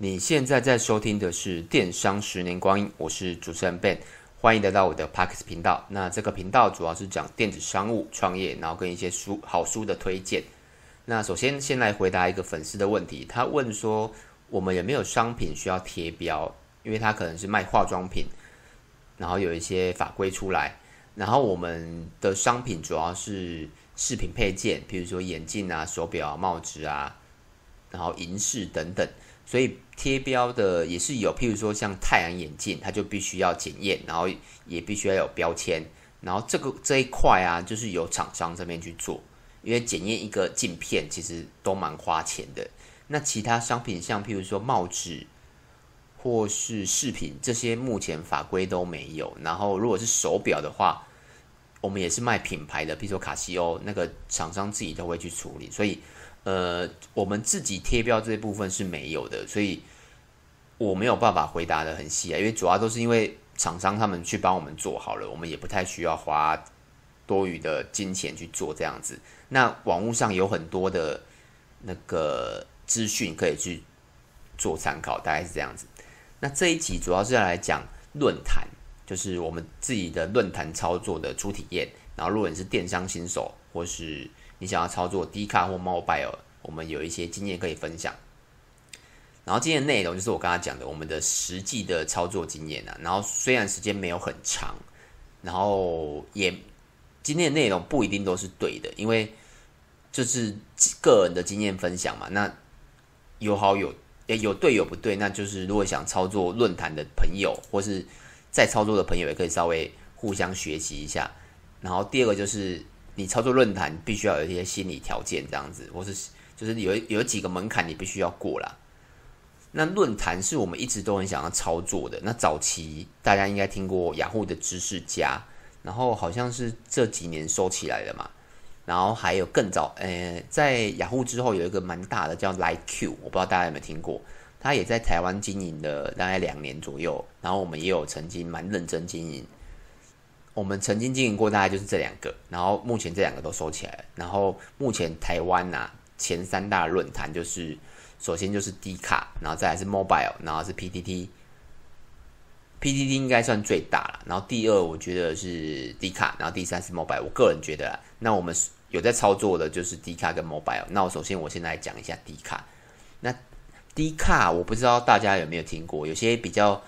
你現在在收聽的是《電商十年光陰》，我是主持人 Ben，歡迎來到我的 Podcast 頻道。那這個頻道主要是講電子商務創業，然後跟一些書好書的推薦。那首先先來回答一個粉絲的問題，他問說我們有沒有商品需要貼標？因為他可能是賣化妝品，然後有一些法規出來，然後我們的商品主要是飾品配件，比如說眼鏡啊、手錶、啊、帽子啊，然後銀飾等等。所以貼標的也是有，譬如說像太陽眼鏡，它就必須要檢驗，然後也必須要有標籤。然後這個這一塊啊，就是由廠商這邊去做，因為檢驗一個鏡片其實都蠻花錢的。那其他商品像譬如說帽子或是飾品這些，目前法規都沒有。然後如果是手錶的話，我們也是賣品牌的，譬如說卡西歐，那個廠商自己都會去處理，所以。呃，我們自己貼標這部分是沒有的，所以我沒有辦法回答得很細啊，因為主要都是因為廠商他們去幫我們做好了，我們也不太需要花多餘的金錢去做這樣子。那網絡上有很多的那個資訊可以去做參考，大概是這樣子。那這一集主要是要來講論壇，就是我們自己的論壇操作的初體驗。然後，如果你是電商新手或是你想要操作 Dcard 或 mobile，我們有一些經驗可以分享。然後今天內容就是我剛剛講的我們的實際的操作經驗吶。然後雖然時間沒有很長，然後也今天的內容不一定都是對的，因為這是個人的經驗分享嘛。那有好有，也有對有不對。那就是如果想操作論壇的朋友或是在操作的朋友，也可以稍微互相學習一下。然後第二個就是。你操作論壇必須要有一些心理條件，這樣子，或是就是有有幾個門檻你必須要過啦。那論壇是我們一直都很想要操作的。那早期大家應該聽過雅虎、ah、的知識家，然後好像是這幾年收起來的嘛。然後還有更早，呃、欸，在雅虎、ah、之後有一個蠻大的叫 Like Q，我不知道大家有沒有聽過，他也在台灣經營了大概兩年左右，然後我們也有曾經蠻認真經營。我們曾經經營過，大概就是這兩個，然後目前這兩個都收起來了。然後目前台灣啊，前三大論壇就是，首先就是 D 卡，然後再來是 Mobile，然後是 PTT，PTT 應該算最大了。然後第二，我覺得是 D 卡，然後第三是 Mobile。我個人覺得啦，那我們有在操作的就是 D 卡跟 Mobile。那我首先我現在來講一下 D 卡。那 D 卡，我不知道大家有沒有聽過，有些比較。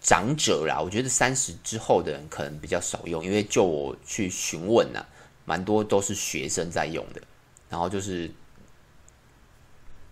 長者啦，我覺得三十之後的人可能比較少用，因為就我去詢問啦、啊，蠻多都是學生在用的。然後就是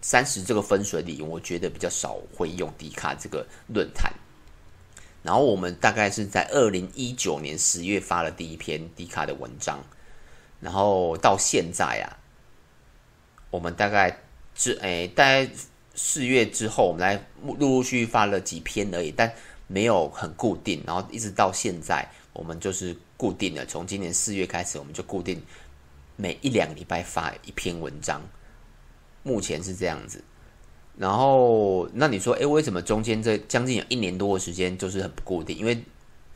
三十這個分水嶺，我覺得比較少會用迪卡這個論壇。然後我們大概是在二零一九年十月發了第一篇迪卡的文章，然後到現在啊，我們大概之哎、欸，大概四月之後，我們來陸陸續續發了幾篇而已，但。沒有很固定，然後一直到現在，我們就是固定的。從今年四月開始，我們就固定每一兩禮拜發一篇文章，目前是這樣子。然後，那你說，誒，為什麼中間這將近有一年多的時間就是很不固定？因為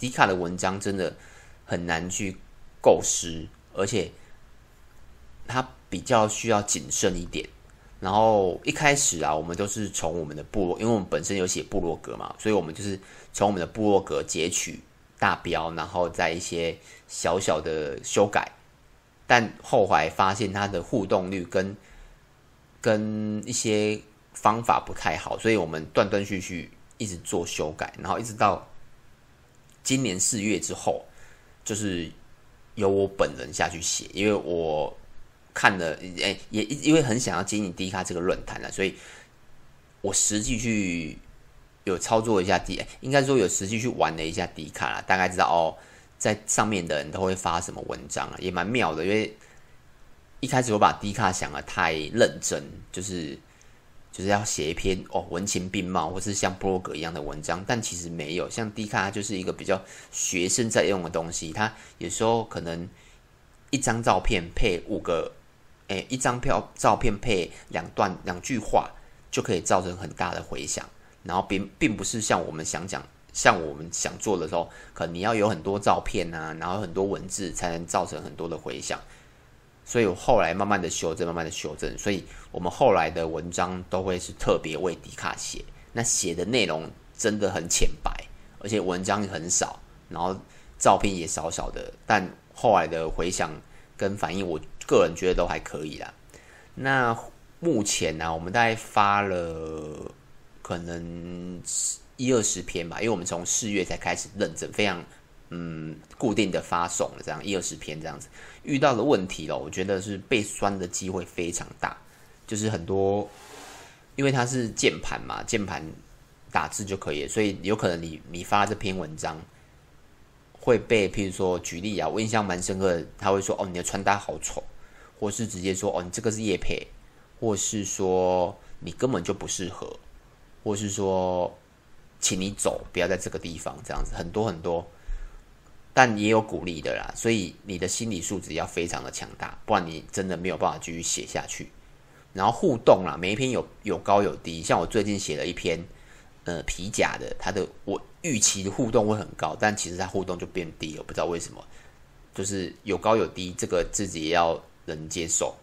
Dcard 的文章真的很難去構思，而且他比較需要謹慎一點。然後一開始啊，我們都是從我們的部落，因為我們本身有寫部落格嘛，所以我們就是從我們的部落格截取大標，然後再一些小小的修改。但後來發現它的互動率跟跟一些方法不太好，所以我們斷斷續續一直做修改，然後一直到今年四月之後，就是由我本人下去寫，因為我。看了，哎、欸，也因為很想要經營迪卡這個論壇啊，所以我實際去有操作一下迪，欸，應該說有實際去玩了一下迪卡啦，大概知道哦，在上面的人都會發什麼文章啊，也蠻妙的。因為一開始我把迪卡想得太認真，就是就是要寫一篇哦文情並茂或是像部落格一樣的文章，但其實沒有，像迪卡就是一個比較學生在用的東西，他有時候可能一張照片配五個。誒、欸，一張票照片配兩段兩句話，就可以造成很大的回響。然後並並不是像我們想講，像我們想做的時候，可能你要有很多照片啊，然後很多文字才能造成很多的回響。所以，我後來慢慢的修正，慢慢的修正。所以我們後來的文章都會是特別為 Dcard 寫，那寫的內容真的很淺白，而且文章也很少，然後照片也少少的。但後來的回響跟反應，我。個人覺得都還可以啦。那目前呢、啊，我們大概發了可能一二十篇吧，因為我們從四月才開始認證，非常嗯固定的發送了這樣一二十篇這樣子。遇到的問題嘍，我覺得是被酸的機會非常大，就是很多因為它是鍵盤嘛，鍵盤打字就可以，所以有可能你你發這篇文章會被，譬如說舉例啊，我印象蠻深刻的，他會說哦，你的穿搭好醜。或是直接說哦，你這個是業配，或是說你根本就不適合，或是說，請你走，不要在這個地方這樣子。很多很多，但也有鼓勵的啦。所以你的心理素質要非常的強大，不然你真的沒有辦法繼續寫下去。然後互動啦，每一篇有有高有低，像我最近寫了一篇呃皮甲的，他的我預期的互動會很高，但其實他互動就變低了，我不知道為什麼，就是有高有低，這個自己也要能接受，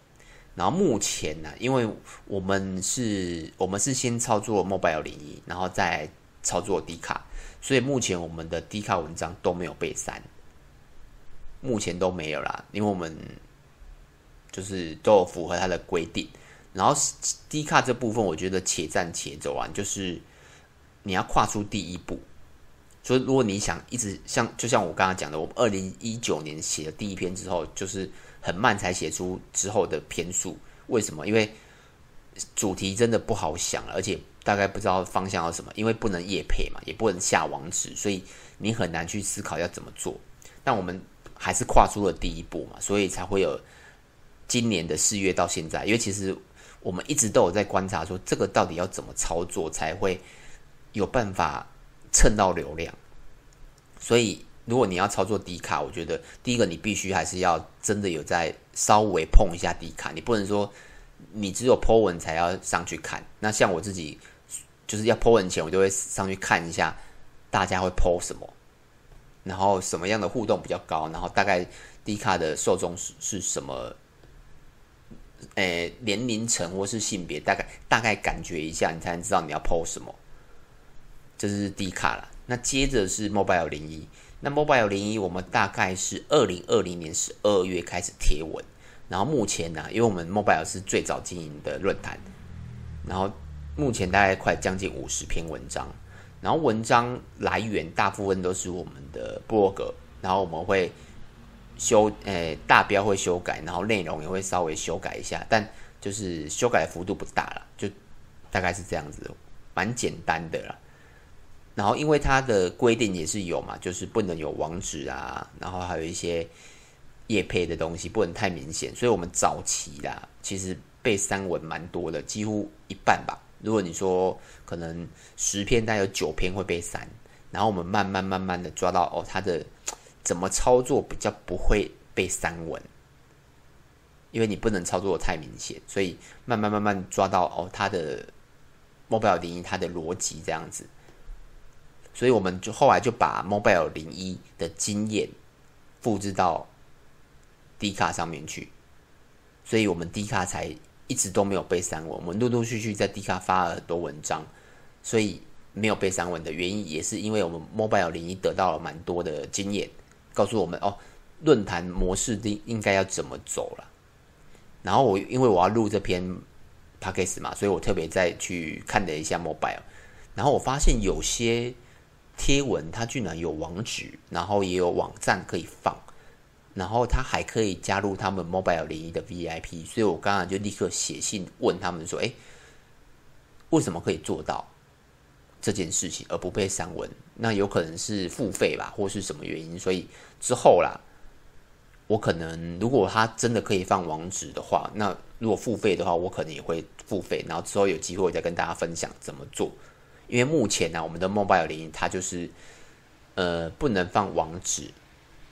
然後目前呢、啊？因為我們是，我們是先操作 Mobile01，然後再操作 D 卡，所以目前我們的 D 卡文章都沒有被刪，目前都沒有啦，因為我們就是都符合它的規定。然後 D 卡這部分，我覺得且戰且走啊，就是你要跨出第一步。所以，如果你想一直像，就像我剛剛講的，我們二零一九年寫了第一篇之後，就是。很慢才寫出之後的篇數，為什麼？因為主題真的不好想，而且大概不知道方向要什麼，因為不能業配嘛，也不能下網址，所以你很難去思考要怎麼做。但我們還是跨出了第一步嘛，所以才會有今年的四月到現在。因為其實我們一直都有在觀察說，說這個到底要怎麼操作，才會有辦法蹭到流量。所以。如果你要操作 Dcard，我覺得第一個你必須還是要真的有在稍微碰一下 Dcard，你不能說你只有 Po 文才要上去看。那像我自己就是要 Po 文前，我就會上去看一下大家會 Po 什麼，然後什麼樣的互動比較高，然後大概 Dcard 的受眾是是什麼，誒、哎，年齡層或是性別，大概大概感覺一下，你才能知道你要 Po 什麼。這、就是 Dcard 了，那接着是 Mobile 01。那 Mobile01，我們大概是二零二零年十二月開始貼文，然後目前呢、啊，因為我們 mobile 是最早經營的論壇，然後目前大概快將近五十篇文章，然後文章來源大部分都是我們的 blog，然後我們會修，誒、呃、大標會修改，然後內容也會稍微修改一下，但就是修改幅度不大了，就大概是這樣子，蠻簡單的啦。然後，因為它的規定也是有嘛，就是不能有網址啊，然後還有一些業配的東西，不能太明顯。所以，我們早期啦，其實被刪文蠻多的，幾乎一半吧。如果你說可能十篇，大概有九篇會被刪。然後，我們慢慢慢慢的抓到哦，它的怎麼操作比較不會被刪文，因為你不能操作得太明顯。所以，慢慢慢慢抓到哦，它的 Mobile01，它的邏輯這樣子。所以我們就後來就把 Mobile 零一的經驗複製到 D 卡上面去，所以我們 D 卡才一直都沒有被刪文。我們陸陸續續在 D 卡發了很多文章，所以沒有被刪文的原因也是因為我們 Mobile 零一得到了蠻多的經驗，告訴我們哦，論壇模式應應該要怎麼走了。然後我因為我要錄這篇 Podcast 嘛，所以我特別再去看了一下 Mobile，然後我發現有些。貼文它居然有網址，然後也有網站可以放，然後它還可以加入他們 Mobile 01的 VIP，所以我剛剛就立刻寫信問他們說：“哎、欸，為什麼可以做到這件事情而不被刪文？那有可能是付費吧，或是什麼原因？所以之後啦，我可能如果他真的可以放網址的話，那如果付費的話，我可能也會付費，然後之後有機會再跟大家分享怎麼做。”因為目前呢、啊，我們的 Mobile01 它就是，呃，不能放網址，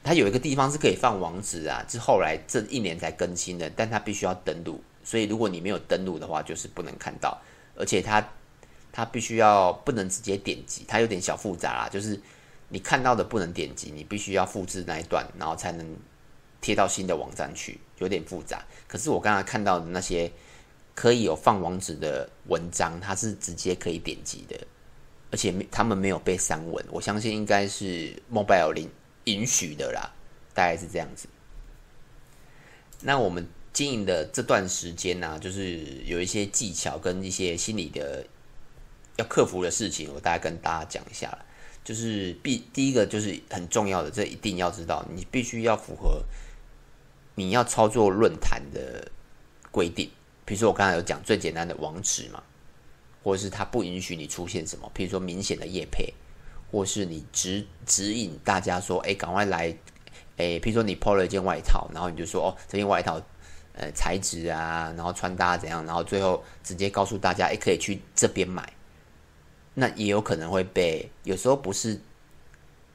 它有一個地方是可以放網址啊，是後來這一年才更新的，但它必須要登錄，所以如果你沒有登錄的話，就是不能看到，而且它它必須要不能直接點擊，它有點小複雜啊，就是你看到的不能點擊，你必須要複製那一段，然後才能貼到新的網站去，有點複雜。可是我剛才看到的那些。可以有放網址的文章，它是直接可以點擊的，而且沒，他們沒有被刪文，我相信應該是 mobile 零允許的啦，大概是這樣子。那我們經營的這段時間呢、啊，就是有一些技巧跟一些心理的要克服的事情，我大概跟大家講一下，就是必，第一個就是很重要的，這一定要知道，你必須要符合你要操作論壇的規定。比如說我剛才有講最簡單的網址嘛，或者是他不允許你出現什麼，譬如說明顯的業配，或是你指指引大家說，哎、欸，趕快來，哎、欸，譬如說你 po 了一件外套，然後你就說，哦，這件外套，呃，材質啊，然後穿搭怎樣，然後最後直接告訴大家，哎、欸，可以去這邊買，那也有可能會被，有時候不是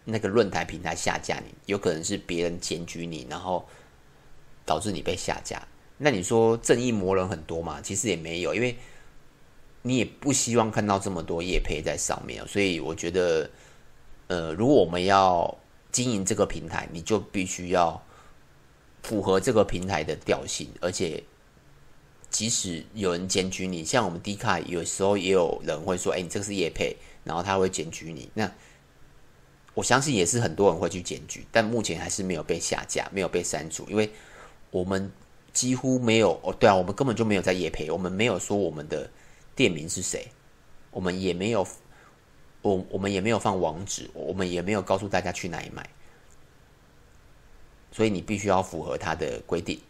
那個論壇平台下架你，有可能是別人檢舉你，然後導致你被下架。那你說正義魔人很多嘛？其實也沒有，因為你也不希望看到這麼多業配在上面，所以我覺得，呃，如果我們要經營這個平台，你就必須要符合這個平台的調性，而且即使有人檢舉你，像我們 D 卡，有時候也有人會說：“哎、欸，你這個是業配，然後他會檢舉你。那我相信也是很多人會去檢舉，但目前還是沒有被下架，沒有被刪除，因為我們。幾乎沒有哦，對啊，我們根本就沒有在業配，我們沒有說我們的店名是誰，我們也沒有，我我們也沒有放網址，我們也沒有告訴大家去哪裡買，所以你必須要符合他的規定。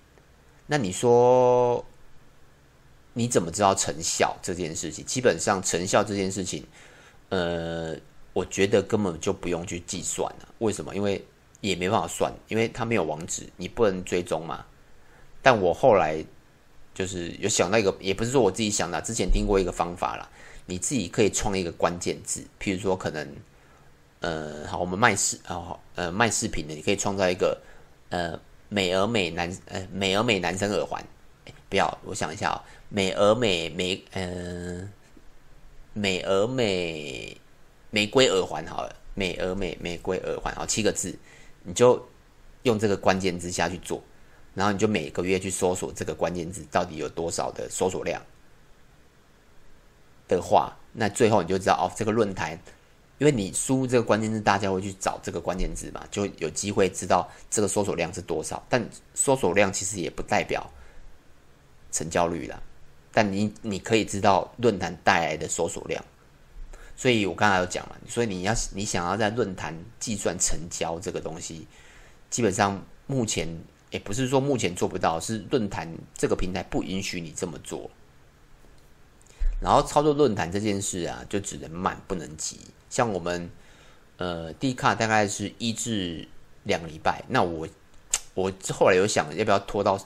那你說你怎麼知道成效這件事情？基本上成效這件事情，呃，我覺得根本就不用去計算了。為什麼？因為也沒辦法算，因為他沒有網址，你不能追蹤嘛。但我後來就是有想到一個，也不是說我自己想的，之前聽過一個方法啦，你自己可以創一個關鍵字，譬如說可能，呃，好，我們賣飾啊、哦，呃，賣飾品的，你可以創造一個，呃，美而美男，呃，美而美男生耳環、欸，不要，我想一下哦、喔，美而美玫，嗯、呃，美而美玫瑰耳環，好了，美而美玫瑰耳環，好，七個字，你就用這個關鍵字下去做。然後你就每個月去搜索這個關鍵字，到底有多少的搜索量的話，那最後你就知道哦，這個論壇，因為你輸入這個關鍵字，大家會去找這個關鍵字嘛，就有機會知道這個搜索量是多少。但搜索量其實也不代表成交率啦，但你你可以知道論壇帶來的搜索量。所以我剛才有講嘛，所以你要你想要在論壇計算成交這個東西，基本上目前。也不是說目前做不到，是論壇這個平台不允許你這麼做。然後操作論壇這件事啊，就只能慢不能急。像我們，呃，D 卡大概是一至兩個禮拜。那我我後來有想要不要拖到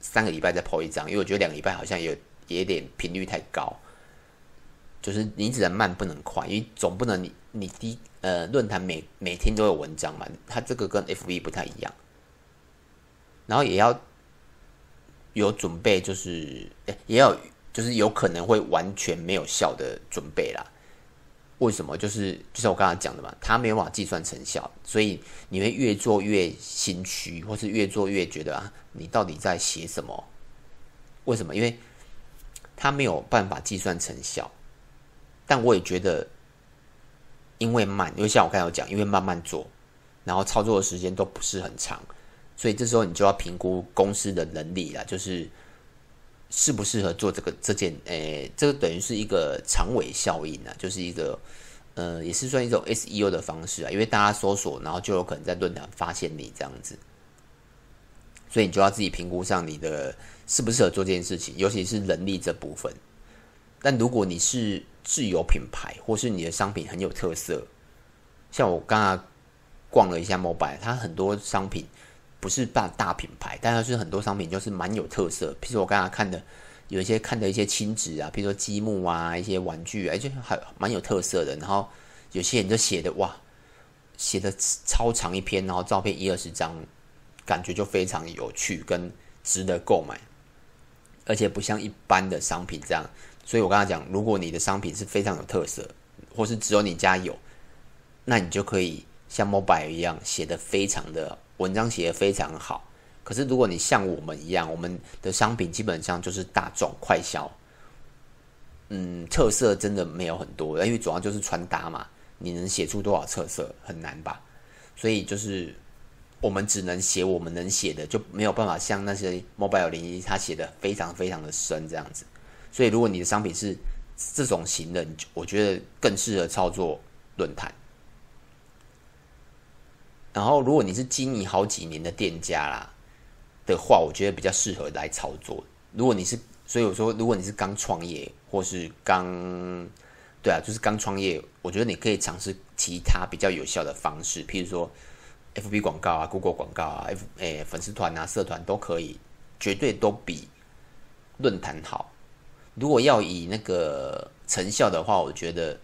三個禮拜再 PO 一張？因為我覺得兩個禮拜好像有有點頻率太高，就是你只能慢不能快，因為總不能你你第一呃論壇每每天都有文章嘛，它這個跟 FB 不太一樣。然後也要有準備，就是也要有就是有可能會完全沒有效的準備啦。為什麼？就是就像我剛剛講的嘛，他沒有辦法計算成效，所以你會越做越心虛，或是越做越覺得啊，你到底在寫什麼？為什麼？因為他沒有辦法計算成效。但我也覺得，因為慢，因為像我剛才有講，因為慢慢做，然後操作的時間都不是很長。所以這時候你就要評估公司的能力了，就是適不適合做這個這件，誒、欸，這個等於是一個長尾效應啊，就是一個，呃，也是算一種 SEO 的方式啊，因為大家搜索，然後就有可能在論壇發現你這樣子，所以你就要自己評估上你的適不適合做這件事情，尤其是能力這部分。但如果你是自有品牌，或是你的商品很有特色，像我剛剛逛了一下 Mobile，它很多商品。不是大大品牌，但是是很多商品就是蠻有特色。譬如我剛才看的，有一些看的一些親子啊，譬如說積木啊，一些玩具啊，就還蠻有特色的。然後有些人就寫的哇，寫的超長一篇，然後照片一二十張，感覺就非常有趣跟值得購買，而且不像一般的商品這樣。所以我剛才講，如果你的商品是非常有特色，或是只有你家有，那你就可以像 Mobile 一樣寫得非常的。文章寫的非常好，可是如果你像我們一樣，我們的商品基本上就是大眾快銷，嗯，特色真的沒有很多，因為主要就是穿搭嘛，你能寫出多少特色很難吧？所以就是我們只能寫我們能寫的，就沒有辦法像那些 mobile 零一他寫的非常非常的深這樣子。所以如果你的商品是這種型的，我覺得更適合操作論壇。然後，如果你是經營好幾年的店家啦的話，我覺得比較適合來操作。如果你是，所以我說，如果你是剛創業或是剛，對啊，就是剛創業，我覺得你可以嘗試其他比較有效的方式，譬如說，FB 廣告啊、Google 廣告啊、F 誒、欸、粉絲團啊、社團都可以，絕對都比論壇好。如果要以那個成效的話，我覺得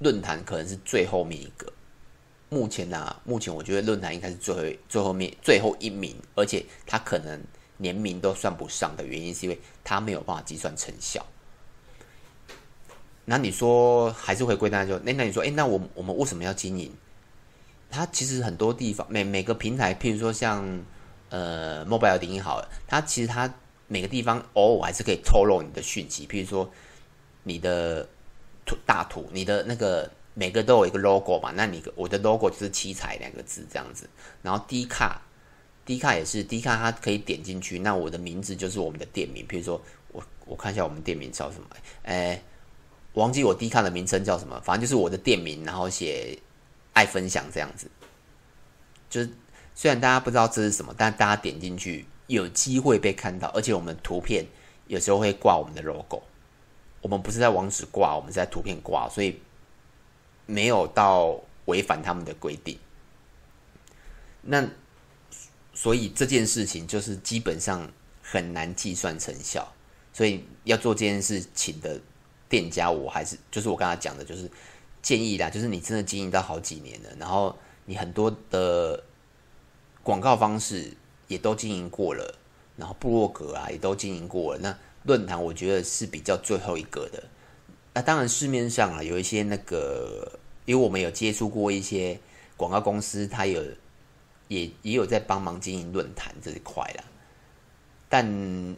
論壇可能是最後面一個。目前呢、啊，目前我覺得論壇應該是最後最後面最後一名，而且他可能連名都算不上的原因，是因為他沒有辦法計算成效。那你說還是回歸家就那那你說哎，那我們我們為什麼要經營？它其實很多地方，每每個平台，譬如說像呃 Mobile01 好，它其實它每個地方偶爾、哦、還是可以透露你的訊息，譬如說你的圖大圖，你的那個。每個都有一個 logo 嘛。那你我的 logo 就是“七彩”兩個字這樣子。然後 Dcard，Dcard 也是 Dcard，它可以點進去。那我的名字就是我們的店名，比如說我我看一下我們店名叫什麼？哎、欸，忘記我 Dcard 的名稱叫什麼？反正就是我的店名，然後寫“愛分享”這樣子。就是雖然大家不知道這是什麼，但大家點進去有機會被看到，而且我們的圖片有時候會掛我們的 logo。我們不是在網址掛，我們是在圖片掛，所以。沒有到違反他們的規定，那所以這件事情就是基本上很難計算成效，所以要做這件事情的店家，我還是就是我剛才講的，就是建議啦，就是你真的經營到好幾年了，然後你很多的廣告方式也都經營過了，然後部落格啊也都經營過了，那論壇我覺得是比較最後一個的，那當然市面上啊有一些那個。因為我們有接觸過一些廣告公司，他有也也有在幫忙經營論壇這一塊了，但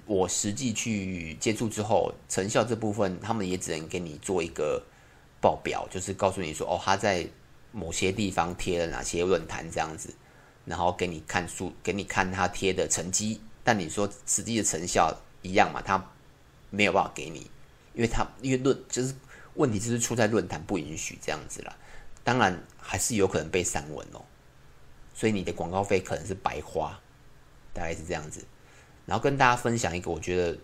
我實際去接觸之後，成效這部分他們也只能給你做一個報表，就是告訴你說哦，他在某些地方貼了哪些論壇這樣子，然後給你看數，給你看他貼的成績。但你說實際的成效一樣嘛？他沒有辦法給你，因為他因為論就是。問題就是出在論壇不允許這樣子啦，當然還是有可能被刪文哦、喔，所以你的廣告費可能是白花，大概是這樣子。然後跟大家分享一個我覺得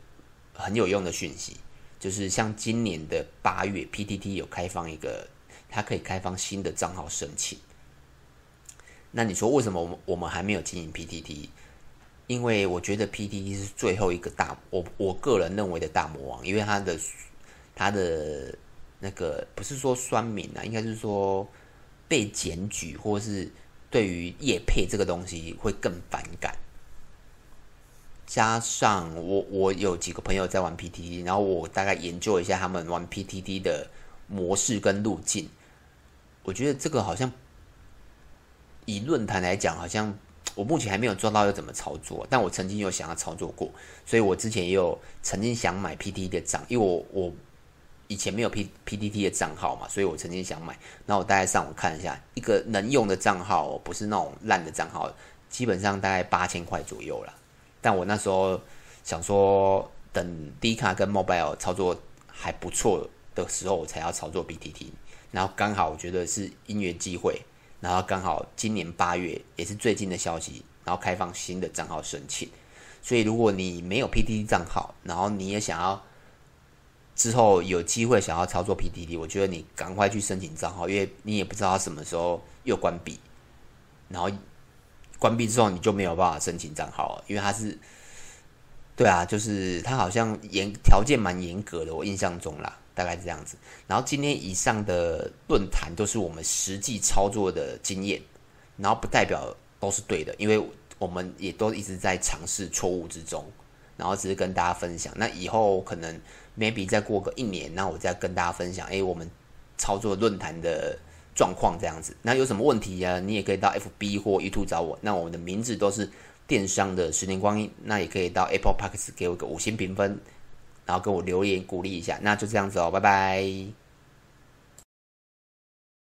很有用的訊息，就是像今年的八月，PTT 有開放一個，它可以開放新的賬號申請。那你說為什麼我們我們還沒有經營 PTT？因為我覺得 PTT 是最後一個大我我個人認為的大魔王，因為它的它的。那個不是說酸民啊，應該是說被檢舉，或是對於業配這個東西會更反感。加上我我有幾個朋友在玩 PTT，然後我大概研究一下他們玩 PTT 的模式跟路徑，我覺得這個好像以論壇來講，好像我目前還沒有做到要怎麼操作，但我曾經有想要操作過，所以我之前也有曾經想買 PTT 的帳，因為我我。以前沒有 P PTT 的賬號嘛，所以我曾經想買。那我大概上網看一下，一個能用的賬號，不是那種爛的賬號，基本上大概八千塊左右啦。但我那時候想說，等 D 卡跟 Mobile 操作還不錯的時候，我才要操作 PTT。然後剛好我覺得是因緣際會，然後剛好今年八月也是最近的消息，然後開放新的賬號申請。所以如果你沒有 PTT 賬號，然後你也想要。之後有機會想要操作 PTT，我覺得你趕快去申請賬號因為你也不知道它什麼時候又關閉，然後關閉之後你就沒有辦法申請賬號了，因為他是，對啊，就是他好像嚴，條件蠻嚴格的，我印象中啦，大概是這樣子。然後今天以上的論壇都是我們實際操作的經驗，然後不代表都是對的，因為我們也都一直在嘗試錯誤之中。然後只是跟大家分享，那以後可能 maybe 再過個一年，那我再跟大家分享，哎，我們操作論壇的狀況這樣子。那有什麼問題啊？你也可以到 FB 或 YouTube 找我。那我們的名字都是電商的十年光陰，那也可以到 Apple Podcast 給我一個五星評分，然後給我留言鼓勵一下。那就這樣子哦，拜拜。